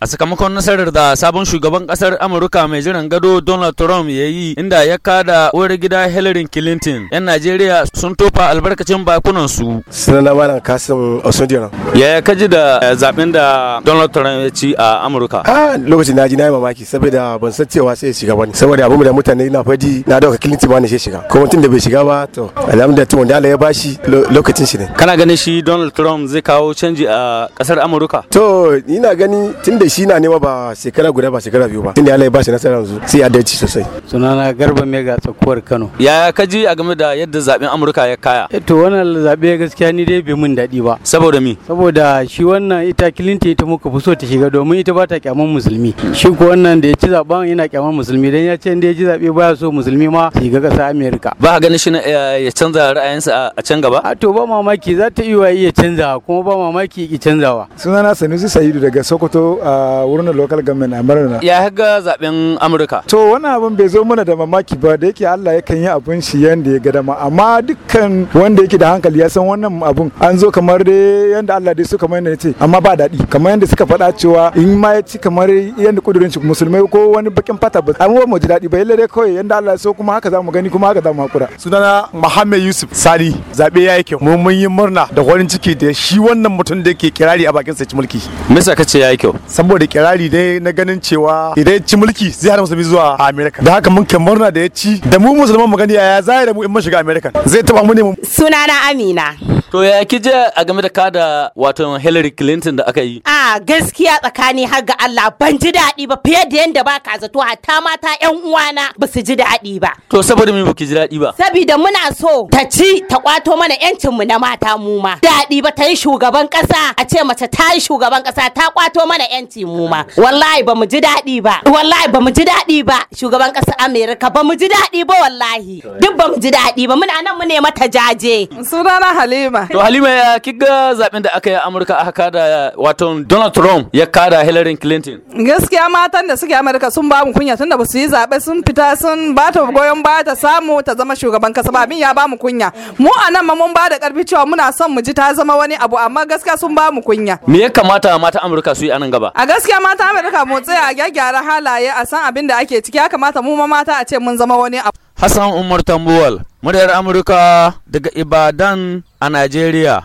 A sakamakon nasarar da sabon shugaban kasar Amurka mai jiran gado Donald Trump ya yi inda ya kada wani gida Hillary Clinton, 'yan Najeriya sun tofa albarkacin bakunansu. Sunana Malam Kasim osundiyar Yaya kaji da eh, zaben da Donald Trump ya ci a Amurka? Ah, lokacin na ji na yi mamaki saboda ban san cewa sai ya shiga bane. Saboda abin da mutane na faɗi na dauka Clinton ba ne sai shiga. Kuma tun da bai shiga ba to alhamdulillah tun wanda Allah ya bashi lokacin shi ne. Kana ganin shi Donald Trump zai kawo canji a kasar Amurka? To, ina gani tun da kai shi na nema ba shekara guda ba shekara biyu ba inda Allah ya ba shi nasara yanzu sai ya dace sosai sunana garba ga tsakuwar Kano yaya ka ji a game da yadda zaben Amurka ya kaya eh, to wannan zabe gaskiya ni dai bai mun daɗi ba saboda mi saboda shi wannan ita Clinton ita muka fi so ta shiga domin ita ba ta kyaman musulmi shi ko wannan da ya ci zaben yana kyaman musulmi dan ya ce inda ya ji zabe baya so musulmi ma su shiga kasa Amerika ba ka ganin shi eh, ya canza ra'ayinsa a can gaba a ah, to ba mamaki za ta iya iya canzawa kuma ba mamaki ki canzawa sunana Sanusi Sayidu daga Sokoto a ah, a wurin local government a murna ya ga zaben amurka to wani abin bai zo mana da mamaki ba da yake allah ya kan yi abin shi yadda ya ga amma dukkan wanda yake da hankali ya san wannan abun an zo kamar dai yanda allah dai su kamar yanda ce amma ba daɗi kamar yadda suka faɗa cewa in ma ya ci kamar yanda kudurin shi musulmai ko wani bakin fata ba amma mu ji daɗi ba yalle dai kawai yanda allah ya so kuma haka za mu gani kuma haka za mu hakura sunana muhammad yusuf sani zaɓe ya yi kyau mu mun yi murna da farin ciki da shi wannan mutum da yake kirari a bakin sa mulki me ka ce ya yi kyau saboda kirari dai na ganin cewa idan ya ci mulki zai hana musulmi zuwa Amerika da haka mun ke murna da ya ci da mu musulman mu gani yaya da mu in mun shiga Amerika zai taba mu ne sunana Amina To ya kije a game da kada wato Hillary Clinton da aka yi? A gaskiya tsakani har ga Allah ban ji daɗi ba fiye da yadda ba ka zato hatta mata ƴan uwana ba su ji daɗi ba. To saboda me baki ji daɗi ba? Saboda muna so ta ci ta kwato mana ƴancin mu na mata mu ma. Daɗi ba ta yi shugaban ƙasa a ce mace ta yi shugaban ƙasa ta kwato mana ƴanci mu ma. Wallahi ba mu ji daɗi ba. Wallahi ba mu ji daɗi ba shugaban ƙasa Amerika ba mu ji daɗi ba wallahi. Duk ba mu ji daɗi ba muna nan mu ne mata jaje. Sunana Halima. ba. To Halima ya kiga zaben da aka yi Amurka aka kada wato Donald Trump ya kada Hillary Clinton. Gaskiya matan da suke Amurka sun ba mu kunya tunda ba su yi zaɓe sun fita sun ba ta goyon baya ta samu ta zama shugaban kasa ba abin ya ba mu kunya. Mu a nan ma mun ba da karfi cewa muna son mu ji ta zama wani abu amma gaskiya sun ba mu kunya. Me ya kamata mata Amurka su yi anan gaba? A gaskiya mata Amurka mu tsaya a gyaggyara halaye a san abin da ake ciki ya kamata mu ma mata a ce mun zama wani abu. Hassan Umar Tambuwal muryar Amurka daga Ibadan a Najeriya.